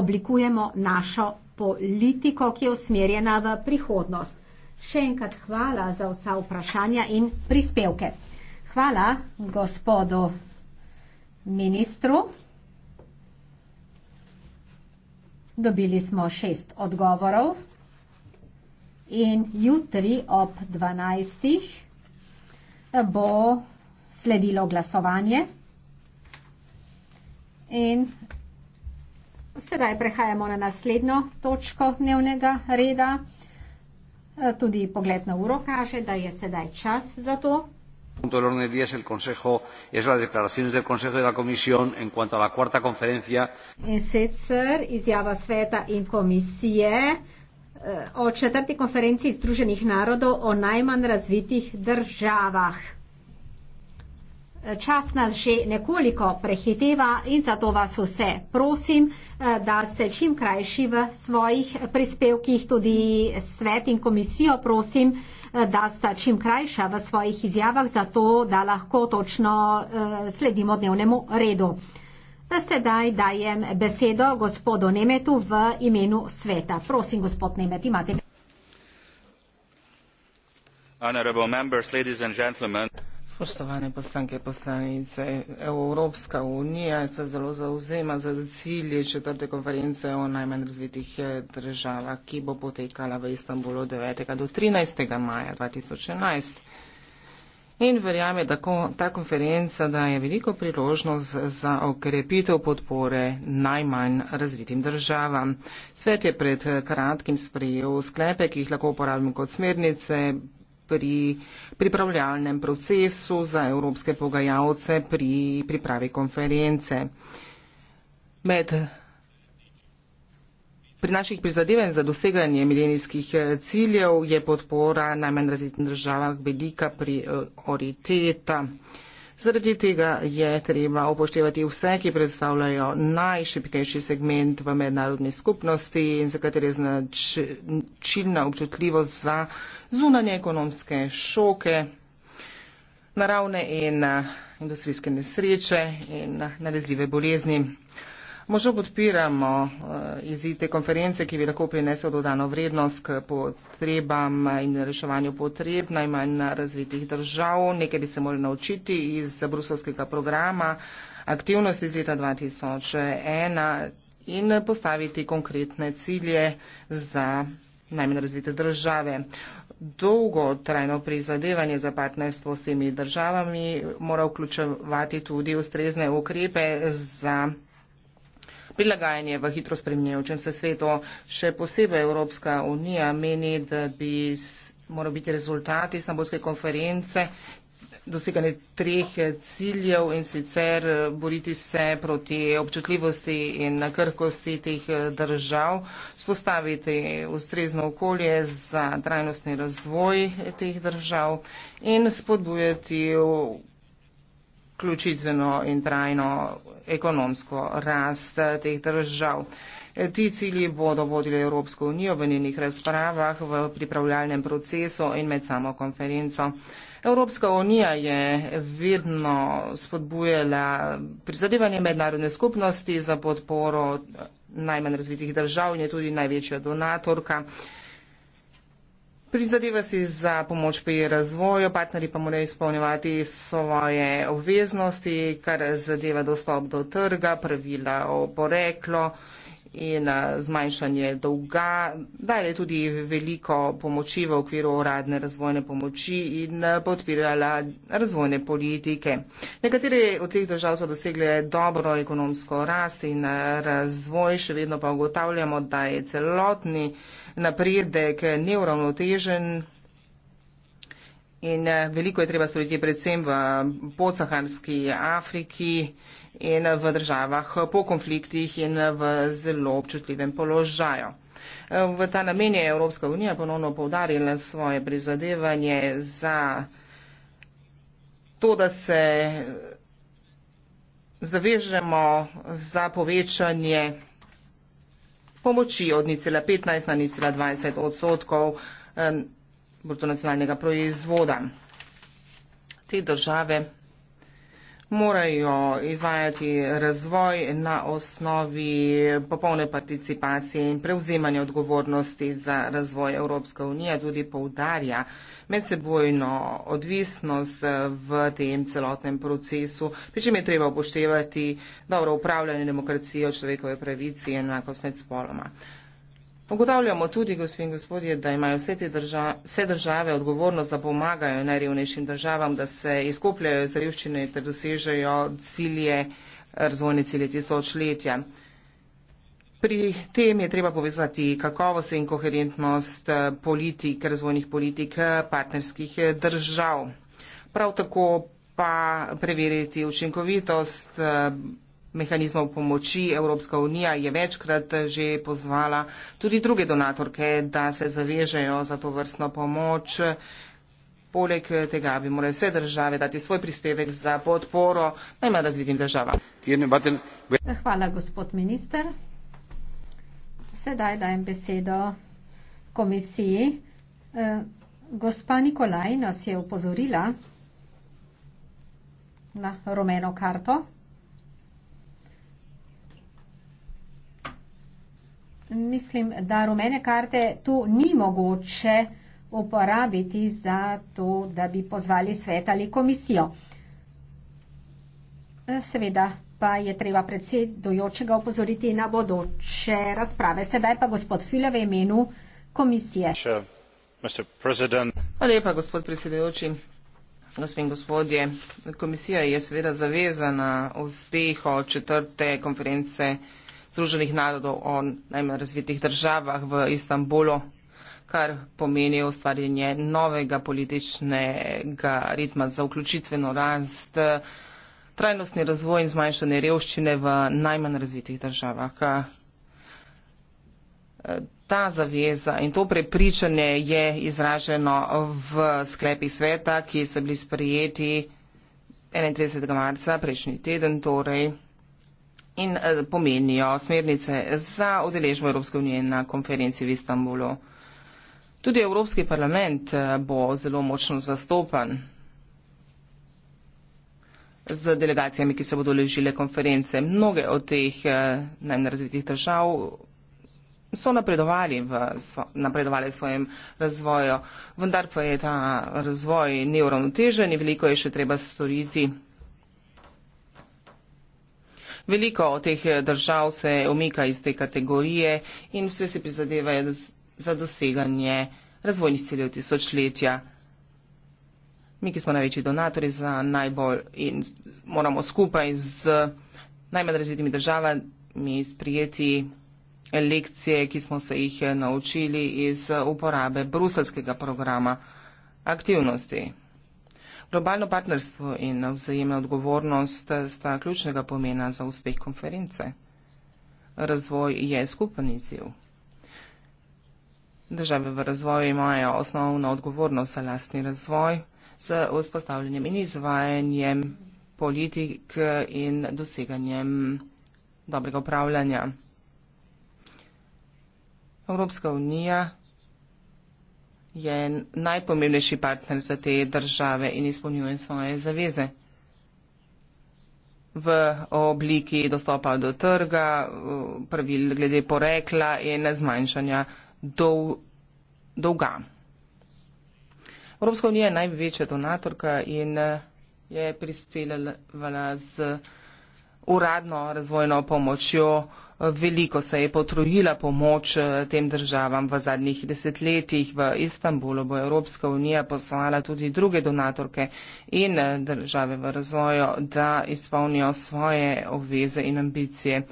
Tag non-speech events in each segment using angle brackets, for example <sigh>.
oblikujemo našo politiko, ki je usmerjena v prihodnost. Še enkrat hvala za vsa vprašanja in prispevke. Hvala gospodu ministru. Dobili smo šest odgovorov in jutri ob 12. bo sledilo glasovanje. In Sedaj prehajamo na naslednjo točko dnevnega reda. E, tudi pogled na uro kaže, da je sedaj čas za to. punto del orden del día es el Consejo, es las declaraciones del Consejo y de la Comisión en cuanto a la cuarta conferencia. En sicer, izjava sveta in komisije e, o četrti konferenciji Združenih narodov o najmanj razvitih državah. Čas nas že nekoliko prehiteva in zato vas vse prosim, eh, da ste čim krajši v svojih prispevkih, tudi svet in komisijo prosim, eh, da sta čim krajša v svojih izjavah, zato da lahko točno eh, sledimo dnevnemu redu. Sedaj dajem besedo gospodu Nemetu v imenu sveta. Prosim, gospod Nemet, imate. Spoštovane poslanke in poslanice, Evropska unija se zelo zauzema za cilje četrte konference o najmanj razvitih eh, državah, ki bo potekala v Istanbulu 9. do 13. maja 2011. In verjame, da ko, ta konferenca daje veliko priložnost za okrepitev podpore najmanj razvitim državam. Svet je pred eh, kratkim sprejel sklepe, ki jih lahko uporabimo kot smernice pri pripravljalnem procesu za evropske pogajalce pri pripravi konference. Med Pri naših prizadevanjih za doseganje milenijskih eh, ciljev je podpora najmanj razvitim državam velika prioriteta. Eh, uh, Zaradi tega je treba upoštevati vse, ki predstavljajo najšipkejši segment v mednarodni skupnosti in za katere je značilna občutljivost za zunanje ekonomske šoke, naravne in eh, industrijske nesreče in eh, nalezljive bolezni. Možno podpiramo eh, izid te konference, ki bi lahko prinesel dodano vrednost k potrebam in reševanju potreb najmanj razvitih držav. Nekaj bi se morali naučiti iz bruselskega programa aktivnosti iz leta 2001 in postaviti konkretne cilje za najmanj razvite države. Dolgo trajno prizadevanje za partnerstvo s temi državami mora vključevati tudi ustrezne ukrepe za prilagajanje v hitro spremenjajočem se svetu. Še posebej Evropska unija meni, da bi morali biti rezultati Istanbulske konference dosegane treh ciljev in sicer eh, boriti se proti občutljivosti in krhkosti teh eh, držav, spostaviti ustrezno okolje za trajnostni razvoj teh držav in spodbujati vključitveno in trajno ekonomsko rast teh držav. Ti cilji bodo vodili Evropsko unijo v njenih razpravah, v pripravljalnem procesu in med samo konferenco. Evropska unija je vedno spodbujala prizadevanje mednarodne skupnosti za podporo najmanj razvitih držav in je tudi največja donatorka. Prizadeva si za pomoč pri razvoju, partnerji pa morajo izpolnjevati svoje obveznosti, kar zadeva dostop do trga, pravila o poreklo in zmanjšanje dolga, dali tudi veliko pomoči v okviru uradne razvojne pomoči in podpirala razvojne politike. Nekatere od teh držav so dosegle dobro ekonomsko rast in razvoj, še vedno pa ugotavljamo, da je celotni napredek neuravnotežen. In eh, veliko je treba storiti predvsem v eh, podsaharski Afriki in eh, v državah po konfliktih in v zelo občutljivem položaju. V ta namen je Evropska unija ponovno povdarila svoje prizadevanje za to, da se zavežemo za povečanje pomoči od 0,15 na 0,20 odstotkov brutonacionalnega proizvoda. Te države morajo izvajati razvoj na osnovi popolne participacije in prevzemanja odgovornosti za razvoj Evropske unije, tudi poudarja medsebojno odvisnost v tem celotnem procesu, pri čem je treba upoštevati dobro upravljanje demokracije, človekove pravice in enakost med spoloma. Ugotavljamo tudi, gospod in gospodje, da imajo vse, drža vse države odgovornost, da pomagajo najrevnejšim državam, da se izkopljajo iz revščine in da dosežejo cilje, razvojne cilje tisočletja. Pri tem je treba povezati kakovost in koherentnost eh, politik, razvojnih politik eh, partnerskih eh, držav. Prav tako pa preveriti učinkovitost mehanizmov pomoči Evropska unija je večkrat že pozvala tudi druge donatorke, da se zavežejo za to vrstno pomoč. Poleg tega bi morali vse države dati svoj prispevek za podporo najmanj razvitim državam. Hvala, gospod minister. Sedaj dajem besedo komisiji. Eh, gospa Nikolaj nas je upozorila na rumeno karto. mislim, da rumene karte tu ni mogoče uporabiti za to, da bi pozvali svet ali komisijo. E, seveda pa je treba predsedujočega upozoriti na bodoče razprave. Sedaj pa gospod Fila v imenu komisije. Hvala lepa, gospod predsedujoči. Gospod in gospodje, komisija je seveda zavezana uspeho četrte konference Združenih narodov o najmanj razvitih državah v Istanbulu, kar pomeni ustvarjanje novega političnega ritma za vključitveno rast, trajnostni razvoj in zmanjšanje revščine v najmanj razvitih državah. Ta zaveza in to prepričanje je izraženo v sklepi sveta, ki so bili sprejeti 31. marca prejšnji teden, torej in eh, pomenijo smernice za udeležbo Evropske unije na konferenci v Istanbulu. Tudi Evropski parlament eh, bo zelo močno zastopan z delegacijami, ki se bodo ležile konference. Mnoge od teh eh, najrazvitih držav so napredovali v, so, napredovali v svojem razvoju, vendar pa je ta razvoj neuravnotežen in veliko je še treba storiti Veliko teh eh, držav se omika iz te kategorije in vse si prizadevajo za doseganje razvojnih ciljev tisočletja. Mi, ki smo največji donatori za najbolj in moramo skupaj z najmanj razvitimi državami sprijeti lekcije, ki smo se jih eh, naučili iz eh, uporabe bruselskega programa aktivnosti. Globalno partnerstvo in vzajemna odgovornost sta ključnega pomena za uspeh konference. Razvoj je skupen izziv. Države v razvoju imajo osnovno odgovornost za lastni razvoj z vzpostavljanjem in izvajanjem politik in doseganjem dobrega upravljanja. Evropska unija je najpomembnejši partner za te države in izpolnjuje svoje zaveze v obliki dostopa do trga, pravil glede porekla in zmanjšanja dol, dolga. Evropska unija je največja donatorka in je prispela z uradno razvojno pomočjo veliko se je potrojila pomoč eh, tem državam v zadnjih desetletjih. V Istanbulu bo Evropska unija poslala tudi druge donatorke in eh, države v razvoju, da izpolnijo svoje obveze in ambicije.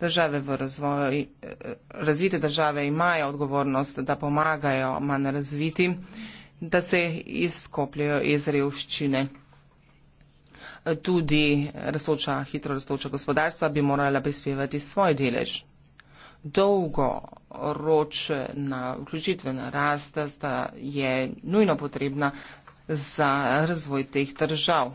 Države v razvoju, eh, razvite države imajo odgovornost, da pomagajo manj razviti, da se izkopljajo iz revščine tudi razloča, hitro razloča gospodarstva, bi morala prispevati svoj delež. Dolgoročna vključitvena rast je nujno potrebna za razvoj teh držav.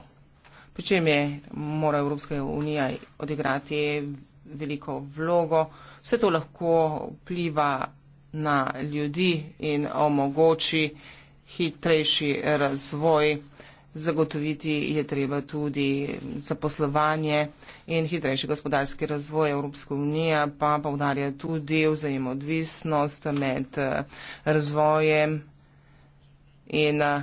Pričem je mora Evropska unija odigrati veliko vlogo. Vse to lahko vpliva na ljudi in omogoči hitrejši razvoj zagotoviti je treba tudi zaposlovanje in hitrejši gospodarski razvoj Evropske unije, pa povdarja tudi vzajemodvisnost med eh, razvojem in eh,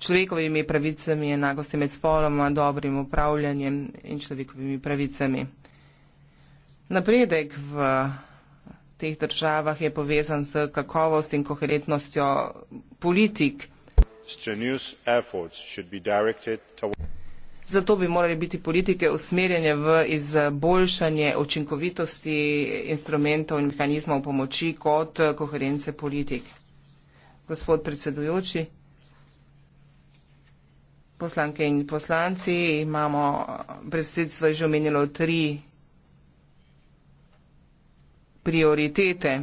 človekovimi pravicami, enakosti med spoloma, dobrim upravljanjem in človekovimi pravicami. Napredek v eh, teh državah je povezan z kakovost in koherentnostjo politik strenuous efforts should be directed towards Zato bi morali biti politike usmerjene v izboljšanje učinkovitosti instrumentov in mehanizmov pomoči kot koherence politik. Gospod predsedujoči, poslanke in poslanci, imamo predsedstvo že omenilo tri prioritete.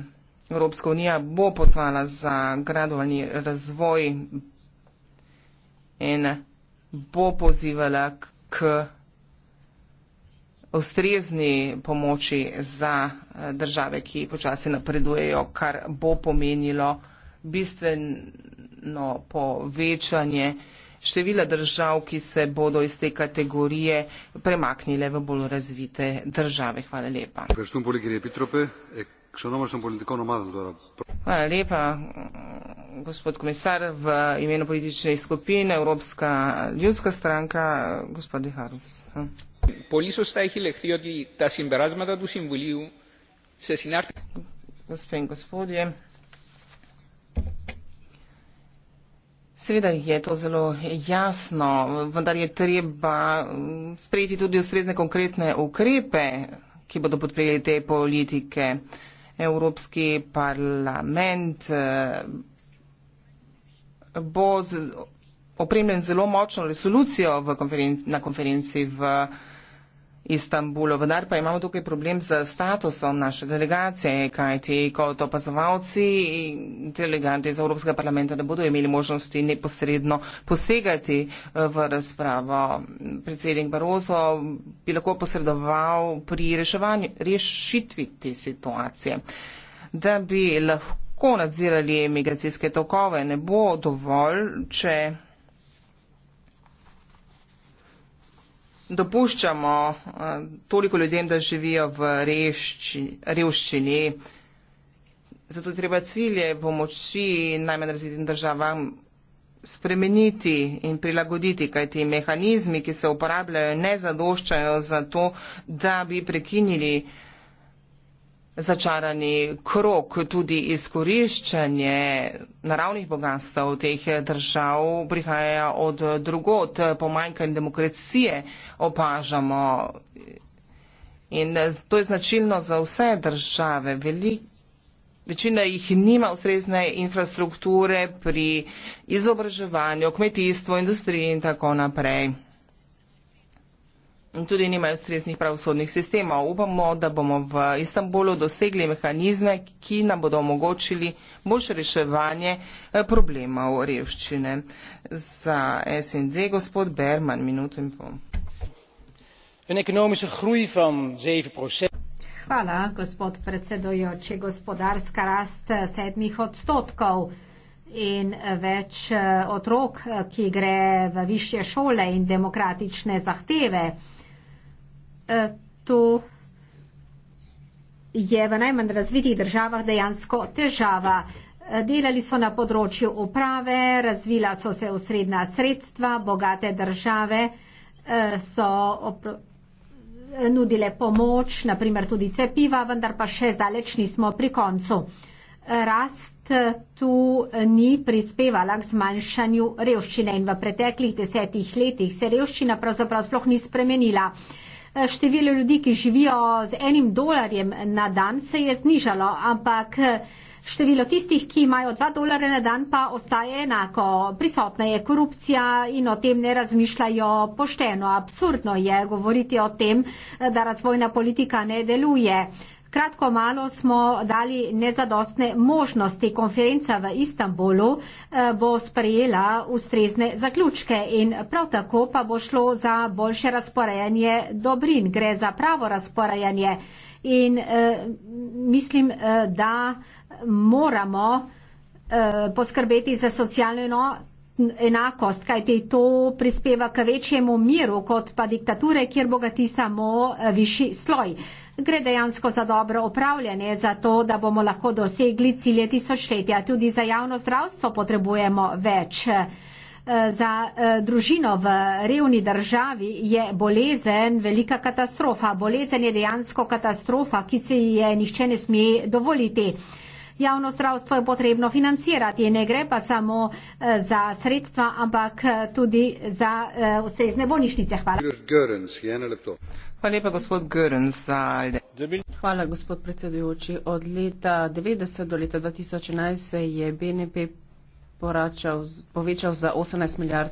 Evropska unija bo pozvala za gradovalni razvoj ena bo pozivala k ustrezni pomoči za eh, države, ki počasi napredujejo, kar bo pomenilo bistveno povečanje števila držav, ki se bodo iz te kategorije premaknile v bolj razvite države. Hvala lepa gospod komisar, v imenu politične skupine Evropska ljudska stranka, gospod Diharus. Gospe in gospodje, seveda je to zelo jasno, vendar je treba sprejeti tudi ustrezne konkretne ukrepe, ki bodo podprijeli te politike. Evropski parlament eh, bo z, opremljen zelo močno resolucijo v konferen na konferenci v Istanbulu. Vendar pa imamo tukaj problem z statusom naše delegacije, kajti kot opazovalci in delegati iz Evropskega parlamenta ne bodo imeli možnosti neposredno posegati eh, v razpravo. Predsednik Barozo bi lahko posredoval pri reševanju, rešitvi te situacije, da bi lahko nadzirali migracijske tokove. Ne bo dovolj, če dopuščamo eh, toliko ljudem, da živijo v revščini. Zato je treba cilje pomoči najmanj razvitim državam spremeniti in prilagoditi, kaj ti mehanizmi, ki se uporabljajo, ne zadoščajo za to, da bi prekinili začarani krok, tudi izkoriščanje naravnih bogatstv teh držav prihaja od drugot. Pomanjkanje demokracije opažamo in to je značilno za vse države. Velik Večina jih nima ustrezne infrastrukture pri izobraževanju, kmetijstvu, industriji in tako naprej. In tudi nimajo ustreznih pravosodnih sistemov. Upamo, da bomo v Istanbulu dosegli mehanizme, ki nam bodo omogočili boljše reševanje eh, problemov revščine. Za SND gospod Berman, minuto in pol. Een economische groei van 7%. Hvala, gospod predsedojoči. Gospodarska rast eh, sedmih odstotkov in eh, več otrok, ki gre v više šole in demokratične zahteve. Eh, to je v najmanj razvitih državah dejansko težava. Eh, delali so na področju uprave, razvila so se osrednja sredstva, bogate države eh, so nudile pomoč, naprimer tudi cepiva, vendar pa še zdaleč nismo pri koncu. Rast tu ni prispevala k zmanjšanju revščine in v preteklih desetih letih se revščina pravzaprav sploh ni spremenila. Eh, število ljudi, ki živijo z enim dolarjem na dan, se je znižalo, ampak eh, število tistih, ki imajo dva dolarja na dan, pa ostaje enako. Prisotna je korupcija in o tem ne razmišljajo pošteno. Absurdno je govoriti o tem, eh, da razvojna politika ne deluje. Kratko malo smo dali nezadostne možnosti. Konferenca v Istanbulu eh, bo sprejela ustrezne zaključke in prav tako pa bo šlo za boljše razporejanje dobrin. Gre za pravo razporejanje in eh, mislim, eh, da moramo eh, poskrbeti za socialno enakost, kajti to prispeva k večjemu miru kot pa diktature, kjer bogati samo eh, višji sloj. Eh, gre dejansko za dobro upravljanje, za to, da bomo lahko dosegli cilje tisočletja. Tudi za javno zdravstvo potrebujemo več. Eh, za eh, družino v revni državi je bolezen velika katastrofa. Bolezen je dejansko katastrofa, ki se je nihče ne smije dovoliti. Javno zdravstvo je potrebno financirati, ne gre pa samo eh, za sredstva, ampak tudi za ustrezne bolnišnice. Hvala. Hvala lepa, gospod Grnzald. Hvala, gospod predsedujoči. Od leta 90 do leta 2011 se je BNP poračal, povečal za 18 milijard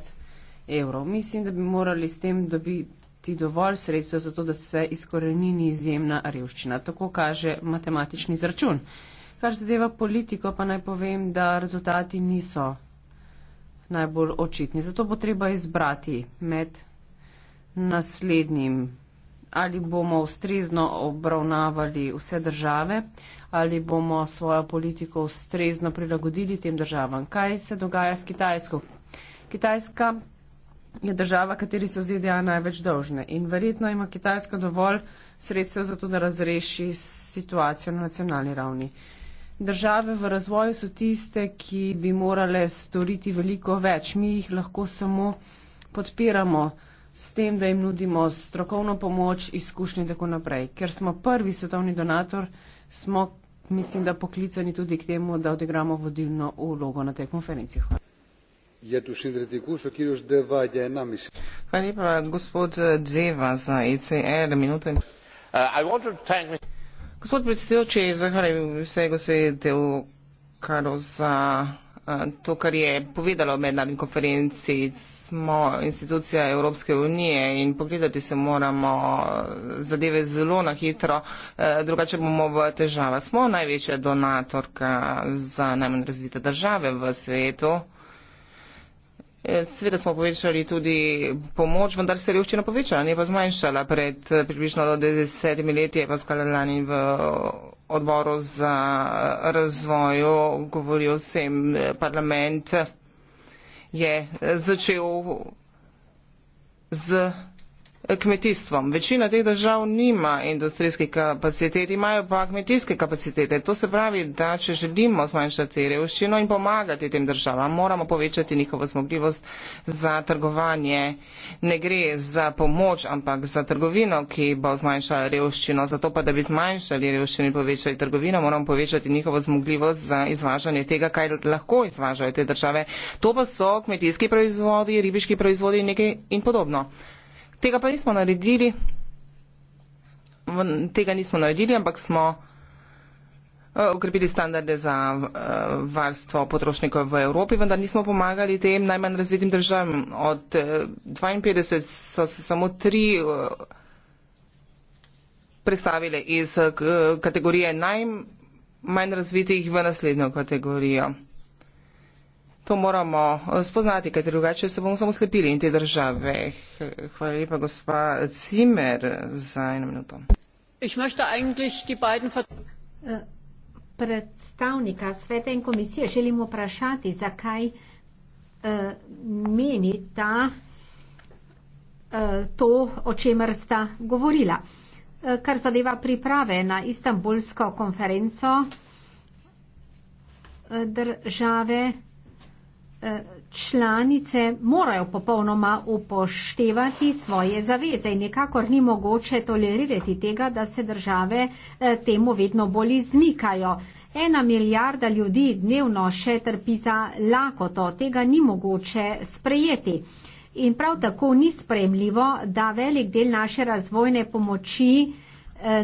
evrov. Mislim, da bi morali s tem dobiti dovolj sredstva za to, da se izkorenini izjemna revščina. Tako kaže matematični zračun. Kar zadeva politiko, pa naj povem, da rezultati niso najbolj očitni. Zato bo treba izbrati med naslednjim ali bomo ustrezno obravnavali vse države, ali bomo svojo politiko ustrezno prilagodili tem državam. Kaj se dogaja s Kitajsko? Kitajska je država, kateri so ZDA največ dolžne in verjetno ima Kitajska dovolj sredstev za to, da razreši situacijo na nacionalni ravni. Države v razvoju so tiste, ki bi morale storiti veliko več. Mi jih lahko samo podpiramo s tem, da jim nudimo strokovno pomoč, izkušnje in tako naprej. Ker smo prvi svetovni donator, smo, mislim, da poklicani tudi k temu, da odigramo vodilno ulogo na tej konferenci. Hvala. Hvala lepa, gospod Dzeva, za ECR. Uh, gospod predsedujoči, zahvaljujem se gospodinu Teokaru za Eh, to, kar je povedalo mednarodni konferenci, smo institucija Evropske unije in pogledati se moramo eh, zadeve zelo na hitro, eh, drugače bomo v težava. Smo največja donatorka za najmanj razvite države v svetu. Eh, Sveda smo povečali tudi pomoč, vendar se revščina povečala, ne pa zmanjšala. Pred eh, približno desetimi leti je Pascal Lani v eh, odboru za razvoj govoril vsem parlament, je začel z kmetijstvom. Večina teh držav nima industrijskih kapacitet, imajo pa kmetijske kapacitete. To se pravi, da če želimo zmanjšati revščino in pomagati tem državam, moramo povečati njihovo zmogljivost za trgovanje. Ne gre za pomoč, ampak za trgovino, ki bo zmanjšala revščino. Zato pa, da bi zmanjšali revščino in povečali trgovino, moramo povečati njihovo zmogljivost za izvažanje tega, kaj lahko izvažajo te države. To pa so kmetijski proizvodi, ribiški proizvodi in, in podobno. Tega pa nismo naredili, tega nismo naredili, ampak smo ukrepili eh, standarde za eh, varstvo potrošnikov v Evropi, vendar nismo pomagali tem najmanj razvitim državam. Od 52 eh, so se samo tri predstavile iz kategorije najmanj razvitih v naslednjo kategorijo to moramo eh, spoznati, ker drugače se bomo samo slepili in te države. Hvala lepa, gospa Cimer, za eno minuto. Eh, predstavnika sveta in komisije želim vprašati, zakaj uh, eh, meni ta uh, to, o čemer sta govorila. Uh, kar zadeva priprave na istambulsko konferenco uh, države. Eh, članice morajo popolnoma upoštevati svoje zaveze in nekakor ni mogoče tolerirati tega, da se države eh, temu vedno bolj izmikajo. Ena milijarda ljudi dnevno še trpi za lakoto, tega ni mogoče sprejeti. In prav tako ni spremljivo, da velik del naše razvojne pomoči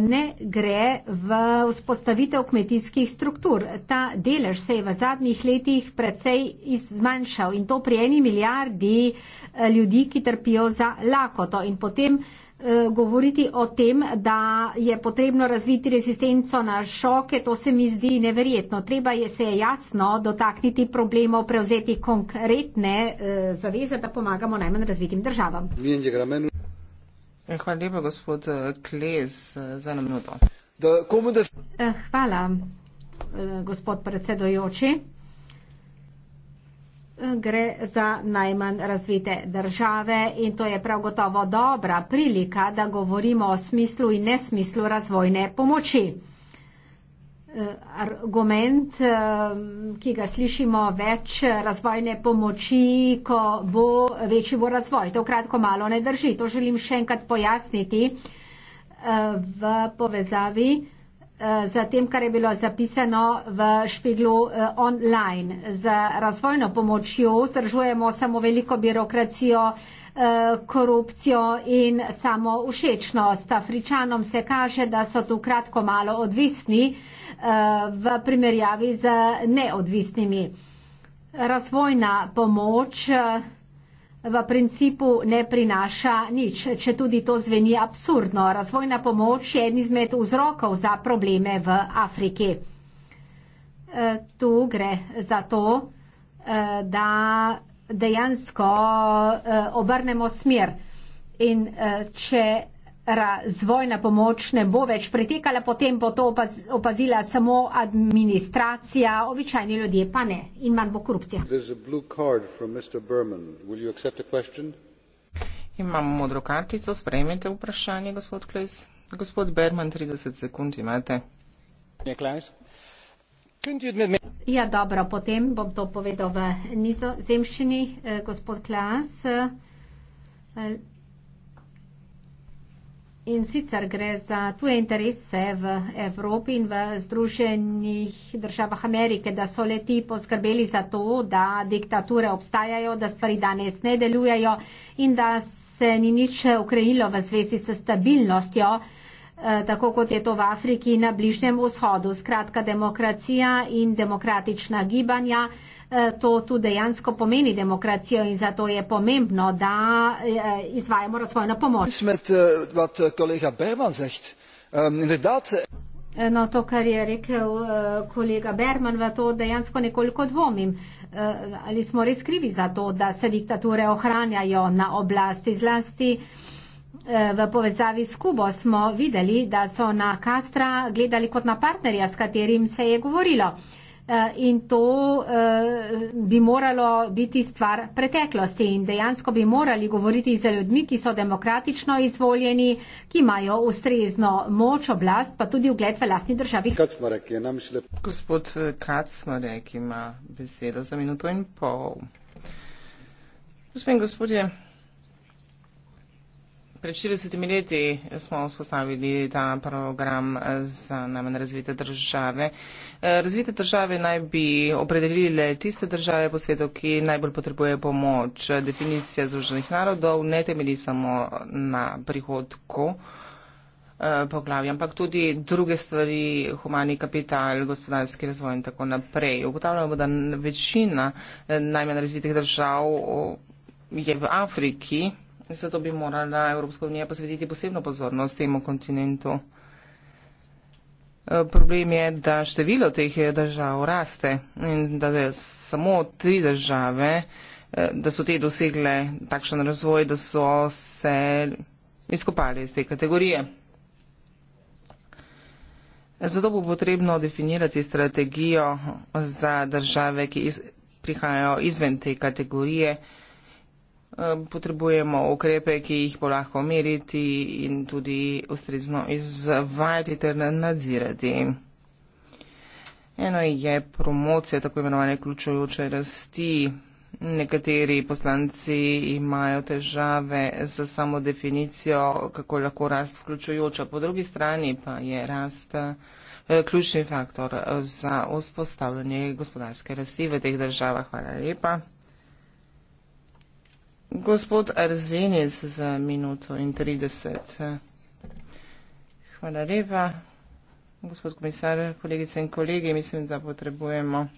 ne gre v vzpostavitev kmetijskih struktur. Ta delež se je v zadnjih letih precej zmanjšal in to pri eni milijardi eh, ljudi, ki trpijo za lakoto. In potem eh, govoriti o tem, da je potrebno razviti rezistenco na šoke, to se mi zdi neverjetno. Treba je se jasno dotakniti problemov, prevzeti konkretne eh, zaveze, da pomagamo najmanj razvitim državam. Hvala lepa, gospod eh, Kles, eh, za eno minuto. Da... Eh, hvala, gospod predsedojoči. Gre za najmanj razvite države in to je prav gotovo dobra prilika, da govorimo o smislu in nesmislu razvojne pomoči. Eh, argument, eh, ki ga slišimo več razvojne pomoči, ko bo večji bo razvoj. To kratko malo ne drži. To želim še enkrat pojasniti eh, v povezavi za tem, kar je bilo zapisano v špeglu eh, online. Z razvojno pomočjo vzdržujemo samo veliko birokracijo, eh, korupcijo in samo všečnost. Afričanom se kaže, da so tu kratko malo odvisni eh, v primerjavi z neodvisnimi. Razvojna pomoč v principu ne prinaša nič, če tudi to zveni absurdno. Razvojna pomoč je en izmed vzrokov za probleme v Afriki. E, tu gre za to, e, da dejansko e, obrnemo smer. In če razvojna pomoč ne bo več pretekala, potem bo to opazila samo administracija, običajni ljudje pa ne in manj bo korupcija. Imam modro kartico, sprejmite vprašanje, gospod Klejs. Gospod Berman, 30 sekund imate. Ja, dobro, potem bom to povedal v nizozemščini, eh, gospod Klejs. Eh, In sicer gre za tuje interese v Evropi in v Združenih državah Amerike, da so leti poskrbeli za to, da diktature obstajajo, da stvari danes ne delujejo in da se ni nič ukrenilo v zvezi s stabilnostjo, eh, tako kot je to v Afriki in na Bližnjem vzhodu. Skratka, demokracija in demokratična gibanja. Eh, to tudi dejansko pomeni demokracijo in zato je pomembno, da eh, izvajamo razvojno pomoč. Eh, ehm, no, to, kar je rekel kolega Berman, v to dejansko nekoliko dvomim. Ali smo res krivi za to, da se diktature ohranjajo na oblasti zlasti? V povezavi s Kubo smo videli, da so na Kastra gledali kot na partnerja, s katerim se je govorilo. Eh, in to eh, bi moralo biti stvar preteklosti in dejansko bi morali govoriti za ljudmi, ki so demokratično izvoljeni, ki imajo ustrezno moč, oblast, pa tudi ugled v lastni državi. Gospod eh, Kacmarek ima besedo za minuto in pol. Gospod in gospodje, Pred 40 leti smo vzpostavili ta program za namen razvite države. Razvite države naj bi opredelile tiste države po svetu, ki najbolj potrebuje pomoč. Definicija Združenih narodov ne temeli samo na prihodku eh, poglavja, ampak tudi druge stvari, humani kapital, gospodarski razvoj in tako naprej. Ugotavljamo, da večina eh, najmanj razvitih držav je v Afriki. Zato bi morala Evropska unija posvetiti posebno pozornost temu kontinentu. Eh, problem je, da število teh eh, držav raste in da samo tri države, eh, da so te dosegle takšen razvoj, da so se izkopali iz te kategorije. Zato bo potrebno definirati strategijo za države, ki iz, prihajajo izven te kategorije potrebujemo ukrepe, ki jih bo lahko meriti in tudi ustrezno izvajati ter nadzirati. Eno je promocija tako imenovane ključujoče rasti. Nekateri poslanci imajo težave z samo definicijo, kako lahko rast vključujoča. Po drugi strani pa je rast e, ključni faktor za vzpostavljanje gospodarske rasti v teh državah. Hvala lepa. Gospod Arzenis za minuto in 30. Hvala lepa. Gospod komisar, kolegice in kolegi, mislim, da potrebujemo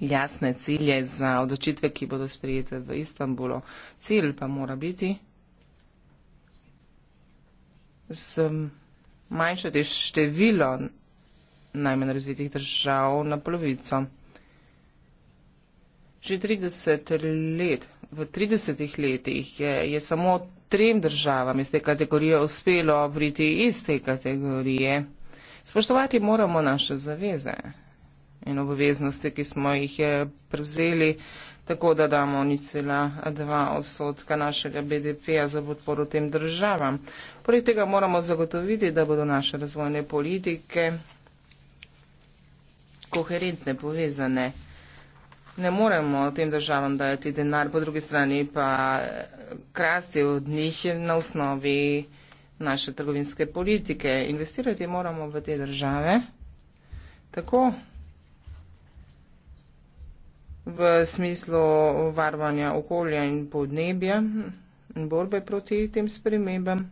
jasne cilje za odločitve, ki bodo sprijete v Istanbulu. Cilj pa mora biti zmanjšati število najmanj razvitih držav na polovico. Že 30 let v 30 letih je, je samo trem državam iz te kategorije uspelo priti iz te kategorije. Spoštovati moramo naše zaveze in obveznosti, ki smo jih eh, prevzeli, tako da damo nicela dva odstotka našega BDP-ja za podporo tem državam. Poleg tega moramo zagotoviti, da bodo naše razvojne politike koherentne, povezane ne moremo tem državam dajati denar, po drugi strani pa eh, krasti od njih na osnovi naše trgovinske politike. Investirati moramo v te države. Tako v smislu varovanja okolja in podnebja in borbe proti tem spremembam.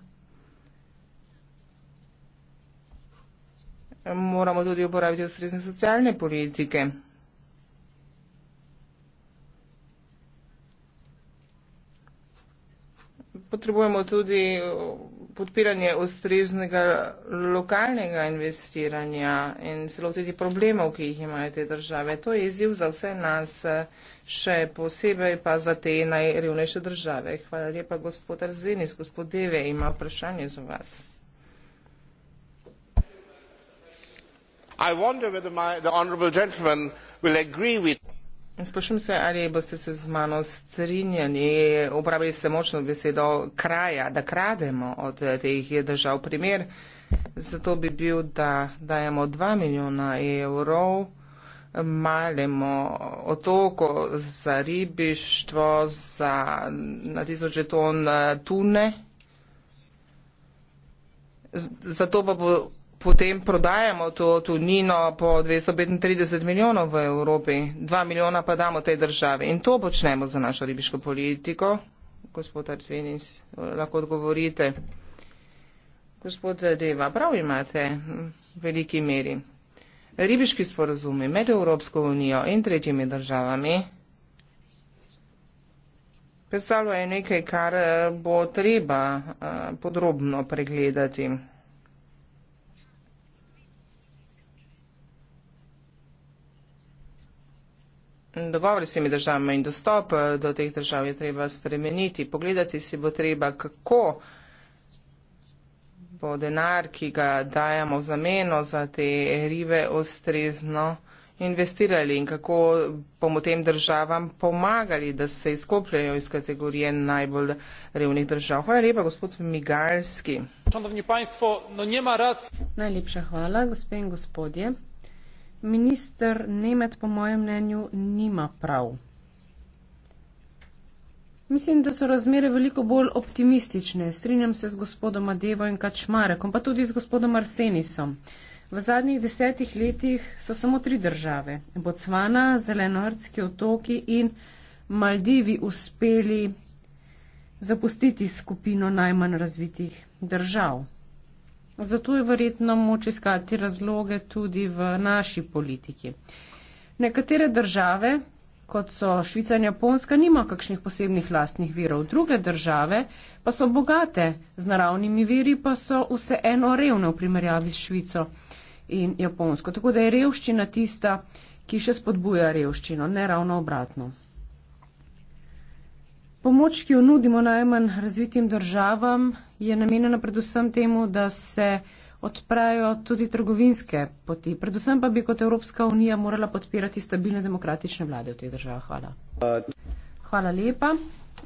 Moramo tudi uporabiti ustrezne socialne politike. potrebujemo tudi eh, podpiranje ustreznega lokalnega investiranja in zelo tudi problemov, ki jih imajo te države. To je izziv za vse nas, eh, še posebej pa za te najrevnejše države. Hvala lepa, gospod Arzenis. Gospod Deve ima vprašanje za vas. I wonder whether my, the honourable gentleman will agree with. Sprašujem se, ali boste se z mano strinjali, uporabili ste močno besedo kraja, da krademo od teh držav. Primer za to bi bil, da dajemo 2 milijona evrov malemo otoko za ribištvo, za na tisoče ton tune. Zato pa bo potem prodajamo to tunino po 235 milijonov v Evropi, 2 milijona pa damo tej državi. In to počnemo za našo ribiško politiko. Gospod Arsenis, lahko odgovorite. Gospod Deva, prav imate v veliki meri. Ribiški sporozumi med Evropsko unijo in tretjimi državami predstavljajo nekaj, kar bo treba eh, podrobno pregledati. Dogovori s temi državami in dostop eh, do teh držav je treba spremeniti. Pogledati si bo treba, kako bo denar, ki ga dajamo v zameno za te rive, ustrezno investirali in kako bomo tem državam pomagali, da se izkopljajo iz kategorije najbolj revnih držav. Hvala lepa, gospod Migalski. No Najlepša hvala, gospe in gospodje minister Nemet po mojem mnenju nima prav. Mislim, da so razmere veliko bolj optimistične. Strinjam se z gospodom Adevo in Kačmarekom, pa tudi z gospodom Arsenisom. V zadnjih desetih letih so samo tri države - Botswana, Zelenortski otoki in Maldivi uspeli zapustiti skupino najmanj razvitih držav. Zato je verjetno moč iskati razloge tudi v naši politiki. Nekatere države, kot so Švica in Japonska, nima kakšnih posebnih lastnih virov. Druge države pa so bogate z naravnimi viri, pa so vseeno revne v primerjavi s Švico in Japonsko. Tako da je revščina tista, ki še spodbuja revščino, ne ravno obratno. Pomoč, ki jo nudimo najmanj razvitim državam, je namenjena predvsem temu, da se odprajo tudi trgovinske poti. Predvsem pa bi kot Evropska unija morala podpirati stabilne demokratične vlade v tej državi. Hvala. Hvala lepa.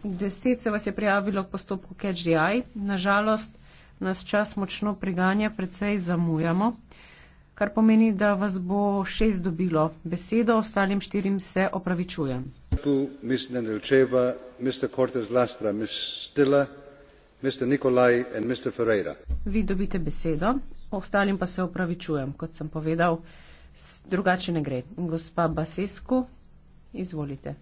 Deset se vas je prijavilo k postopku Catch the Eye. Nažalost, nas čas močno priganja, predvsej zamujamo, kar pomeni, da vas bo šest dobilo besedo, ostalim štirim se opravičujem. Tu, mislim, da je včeraj, mislim, da je kortez lastra, mislim, da je. Vi dobite besedo, ostalim pa se opravičujem, kot sem povedal, drugače ne gre. Gospa Basescu, izvolite.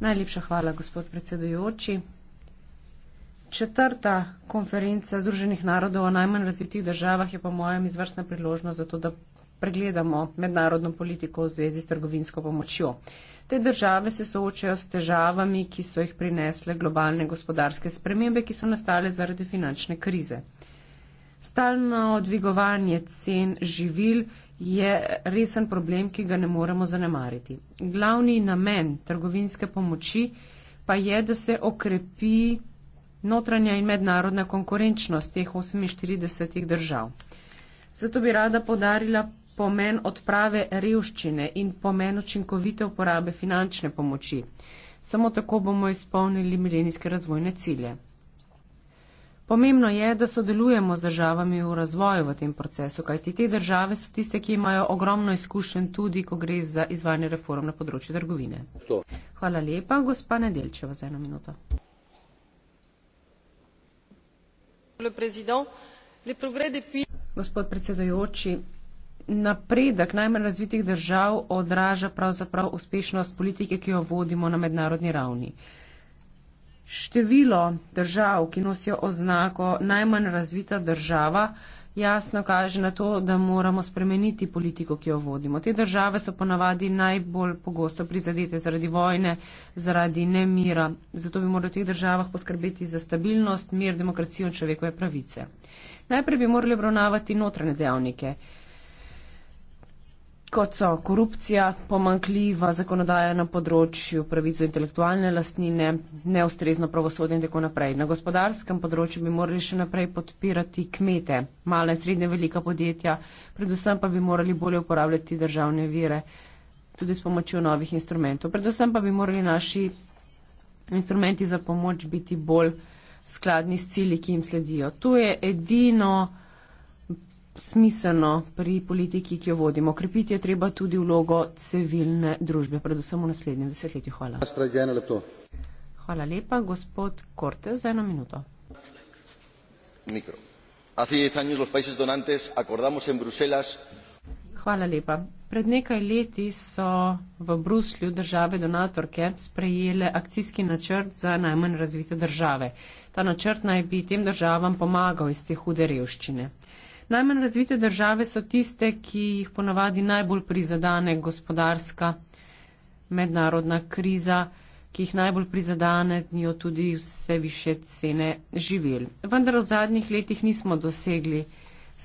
Najlepša hvala, gospod predsedujoči. Četrta konferenca Združenih narodov o najmanj razvitih državah je po mojem izvrstna priložnost za to, da pregledamo mednarodno politiko v zvezi s trgovinsko pomočjo. Te države se soočajo s težavami, ki so jih prinesle globalne gospodarske spremembe, ki so nastale zaradi finančne krize. Stalno odvigovanje cen živil je resen problem, ki ga ne moremo zanemariti. Glavni namen trgovinske pomoči pa je, da se okrepi notranja in mednarodna konkurenčnost teh 48 držav. Zato bi rada podarila pomen odprave revščine in pomen učinkovite uporabe finančne pomoči. Samo tako bomo izpolnili milenijske razvojne cilje. Pomembno je, da sodelujemo z državami v razvoju v tem procesu, kajti te države so tiste, ki imajo ogromno izkušen tudi, ko gre za izvajanje reform na področju trgovine. To. Hvala lepa, gospa Nedelčeva, za eno minuto. Gospod predsedujoči, napredek najmanj razvitih držav odraža pravzaprav uspešnost politike, ki jo vodimo na mednarodni ravni. Število držav, ki nosijo oznako najmanj razvita država, jasno kaže na to, da moramo spremeniti politiko, ki jo vodimo. Te države so ponavadi najbolj pogosto prizadete zaradi vojne, zaradi nemira. Zato bi morali v teh državah poskrbeti za stabilnost, mir, demokracijo in človekove pravice. Najprej bi morali obravnavati notranje dejavnike kot so korupcija, pomankljiva zakonodaja na področju pravico intelektualne lastnine, neustrezno pravosodje in tako naprej. Na gospodarskem področju bi morali še naprej podpirati kmete, male in srednje velika podjetja, predvsem pa bi morali bolje uporabljati državne vire, tudi s pomočjo novih instrumentov. Predvsem pa bi morali naši instrumenti za pomoč biti bolj skladni s cili, ki jim sledijo. Tu je edino smiselno pri politiki, ki jo vodimo. Krepiti je treba tudi vlogo civilne družbe, predvsem v naslednjem desetletju. Hvala. Hvala lepa, gospod Korte, za eno minuto. Mikro. Hvala lepa. Pred nekaj leti so v Bruslju države donatorke sprejele akcijski načrt za najmanj razvite države. Ta načrt naj bi tem državam pomagal iz te hude revščine. Uh, Najmanj razvite države so tiste, ki jih ponavadi najbolj prizadane gospodarska mednarodna kriza, ki jih najbolj prizadane njo tudi vse više cene živel. Vendar v zadnjih letih nismo dosegli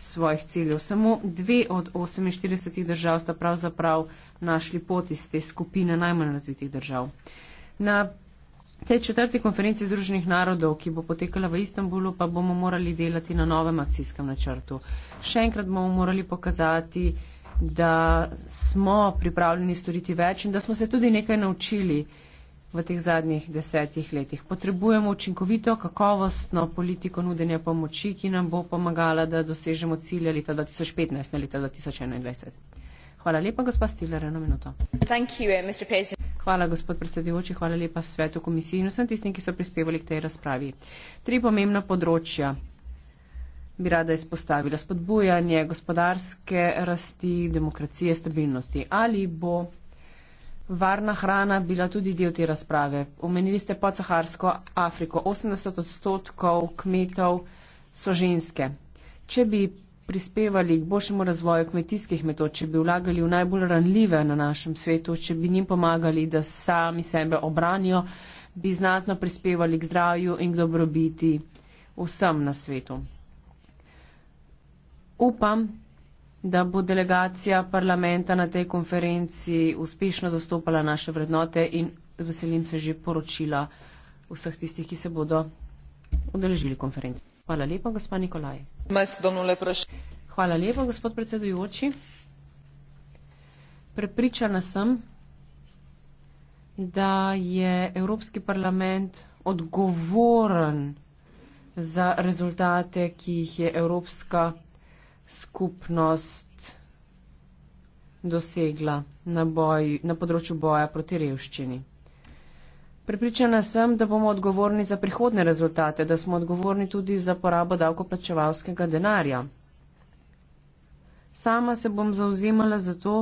svojih ciljev. Samo dve od 48 držav sta pravzaprav našli pot iz te skupine najmanj razvitih držav. Na tej četrti konferenci Združenih narodov, ki bo potekala v Istanbulu, pa bomo morali delati na novem akcijskem načrtu. Še enkrat bomo morali pokazati, da smo pripravljeni storiti več in da smo se tudi nekaj naučili v teh zadnjih desetih letih. Potrebujemo učinkovito, kakovostno politiko nudenja pomoči, ki nam bo pomagala, da dosežemo cilje leta 2015 in leta 2021. Hvala lepa, gospa Stiller, eno minuto. Eh, hvala, gospod predsedujoči, hvala lepa svetu komisiji in vsem tistim, ki so prispevali k tej razpravi. Tri pomembna področja bi rada izpostavila. Spodbujanje gospodarske rasti, demokracije, stabilnosti. Ali bo varna hrana bila tudi del te razprave? Omenili ste podsaharsko Afriko. 80 odstotkov kmetov so ženske. Če bi prispevali k boljšemu razvoju kmetijskih metod, če bi vlagali v najbolj ranljive na našem svetu, če bi njim pomagali, da sami sebe obranijo, bi znatno prispevali k zdravju in k dobrobiti vsem na svetu. Upam, da bo delegacija parlamenta na tej konferenci uspešno zastopala naše vrednote in veselim se že poročila vseh tistih, ki se bodo udeležili konference. Hvala lepa, gospa Nikolaj. Hvala lepa, gospod predsedujoči. Prepričana sem, da je Evropski parlament odgovoren za rezultate, ki jih je Evropska skupnost dosegla na, boj, na področju boja proti revščini. Pripričana sem, da bomo odgovorni za prihodne rezultate, da smo odgovorni tudi za porabo davkoplačevalskega denarja. Sama se bom zauzemala za to,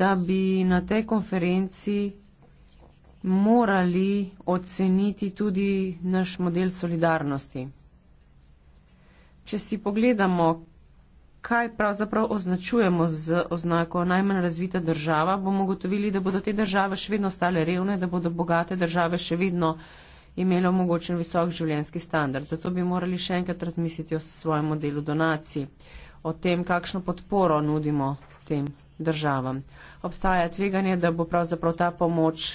da bi na tej konferenci morali oceniti tudi naš model solidarnosti. Če si pogledamo, kaj pravzaprav označujemo z oznako najmanj razvita država, bomo gotovili, da bodo te države še vedno stale revne, da bodo bogate države še vedno imele omogočen visok življenski standard. Zato bi morali še enkrat razmisliti o svojem modelu donacij, o tem, kakšno podporo nudimo tem državam. Obstaja tveganje, da bo pravzaprav ta pomoč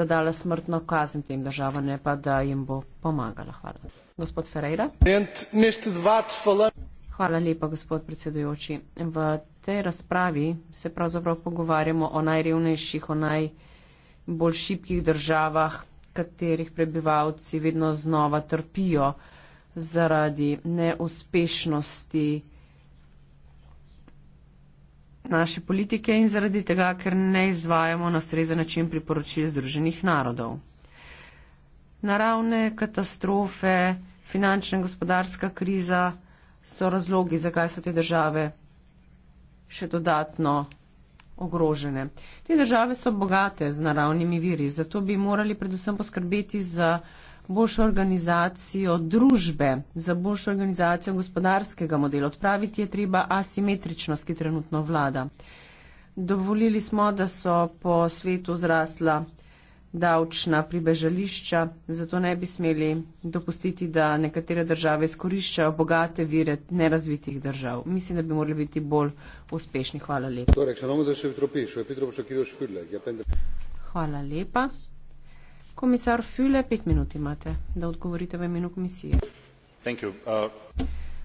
zadala smrtno kazen tem državam, ne pa da jim bo pomagala. Hvala. Gospod Ferreira. Hvala lepa, gospod predsedujoči. V tej razpravi se pravzaprav pogovarjamo o najrevnejših, o najbolj šibkih državah, katerih prebivalci vedno znova trpijo zaradi neuspešnosti naše politike in zaradi tega, ker ne izvajamo na ustrezen način priporočil Združenih narodov. Naravne katastrofe, finančna in gospodarska kriza, so razlogi, zakaj so te države še dodatno ogrožene. Te države so bogate z naravnimi viri, zato bi morali predvsem poskrbeti za boljšo organizacijo družbe, za boljšo organizacijo gospodarskega modela. Odpraviti je treba asimetričnost, ki trenutno vlada. Dovolili smo, da so po svetu zrasla davčna pribežališča, zato ne bi smeli dopustiti, da nekatere države izkoriščajo bogate vire nerazvitih držav. Mislim, da bi morali biti bolj uspešni. Hvala lepa. Torej, Hvala lepa. Komisar Füle, pet minut imate, da odgovorite v imenu komisije. Uh,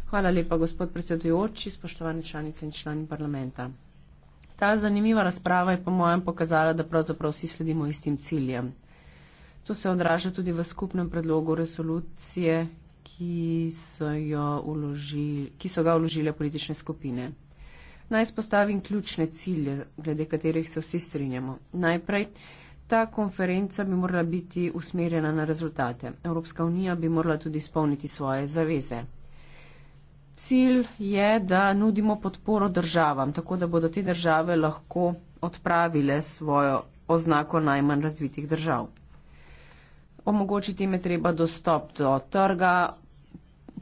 Hvala lepa, gospod predsedujoči, spoštovane članice in člani parlamenta. Ta zanimiva razprava je po mojem pokazala, da pravzaprav vsi sledimo istim ciljem. To se odraža tudi v skupnem predlogu resolucije, ki so, vložili, ki so ga vložile politične skupine. Naj spostavim ključne cilje, glede katerih se vsi strinjamo. Najprej, ta konferenca bi morala biti usmerjena na rezultate. Evropska unija bi morala tudi spolniti svoje zaveze cilj je, da nudimo podporo državam, tako da bodo te države lahko odpravile svojo oznako najmanj razvitih držav. Omogočiti jim je treba dostop do trga,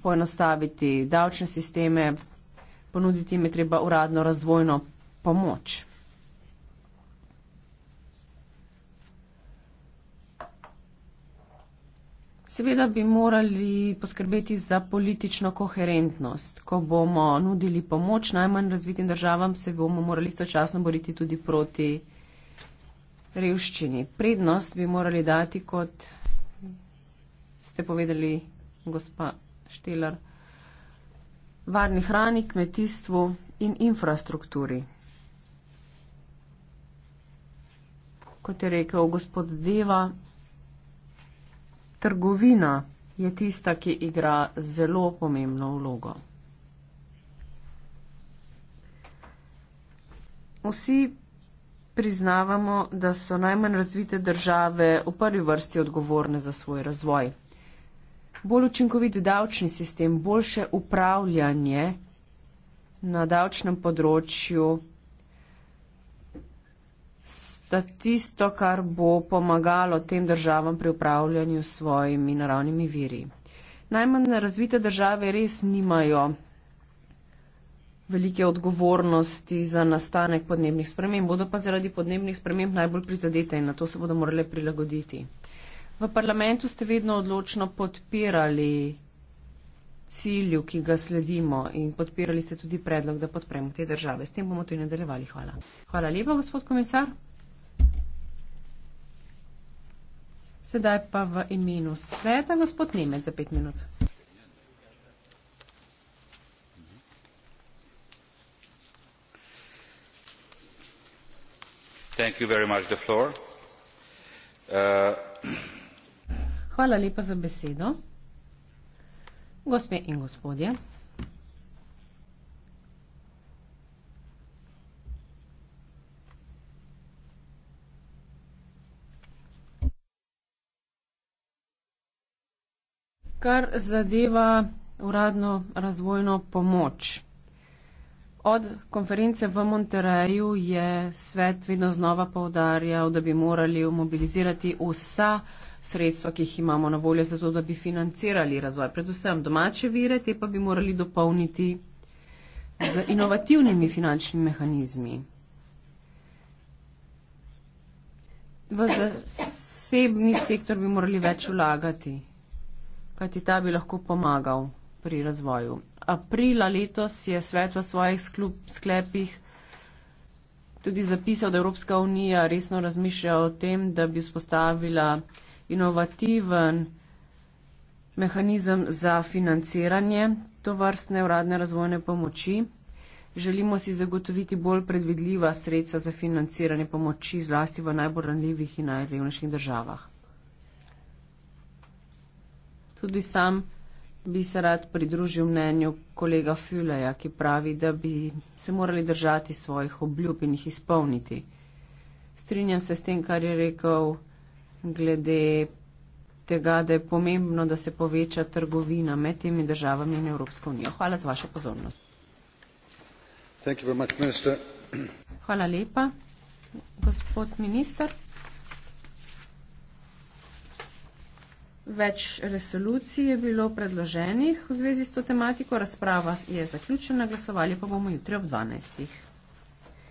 poenostaviti davčne sisteme, ponuditi jim je treba uradno razvojno pomoč. Seveda bi morali poskrbeti za politično koherentnost. Ko bomo nudili pomoč najmanj razvitim državam, se bomo morali istočasno boriti tudi proti revščini. Prednost bi morali dati, kot ste povedali, gospa Štelar, varni hrani, kmetijstvu in infrastrukturi. Kot je rekel gospod Deva, trgovina je tista, ki igra zelo pomembno vlogo. Vsi priznavamo, da so najmanj razvite države v prvi vrsti odgovorne za svoj razvoj. Bolj učinkovit davčni sistem, boljše upravljanje na davčnem področju sta tisto, kar bo pomagalo tem državam pri upravljanju s svojimi naravnimi viri. Najmanj razvite države res nimajo velike odgovornosti za nastanek podnebnih sprememb, bodo pa zaradi podnebnih sprememb najbolj prizadete in na to se bodo morali prilagoditi. V parlamentu ste vedno odločno podpirali cilju, ki ga sledimo in podpirali ste tudi predlog, da podpremo te države. S tem bomo tudi nadaljevali. Hvala. Hvala lepa, gospod komisar. Sedaj pa v imenu sveta gospod Nemec za pet minut. Thank you very much the floor. Uh, <clears throat> Hvala lepa za besedo. Gospe in gospodje. kar zadeva uradno razvojno pomoč. Od konference v Montereju je svet vedno znova povdarjal, da bi morali mobilizirati vsa sredstva, ki jih imamo na voljo, zato da bi financirali razvoj, predvsem domače vire, te pa bi morali dopolniti z inovativnimi finančnimi mehanizmi. V zasebni sektor bi morali več vlagati kajti ta bi lahko pomagal pri razvoju. Aprila letos je svet v svojih sklepih tudi zapisal, da Evropska unija resno razmišlja o tem, da bi vzpostavila inovativen mehanizem za financiranje to vrstne uradne razvojne pomoči. Želimo si zagotoviti bolj predvidljiva sredstva za financiranje pomoči zlasti v najbolj ranljivih in najrevnejših državah. Tudi sam bi se rad pridružil mnenju kolega Füleja, ki pravi, da bi se morali držati svojih obljub in jih izpolniti. Strinjam se s tem, kar je rekel glede tega, da je pomembno, da se poveča trgovina med temi državami in Evropsko unijo. Hvala za vašo pozornost. Much, Hvala lepa, gospod minister. Več resolucij je bilo predloženih v zvezi s to tematiko, razprava je zaključena, glasovali pa bomo jutri ob 12.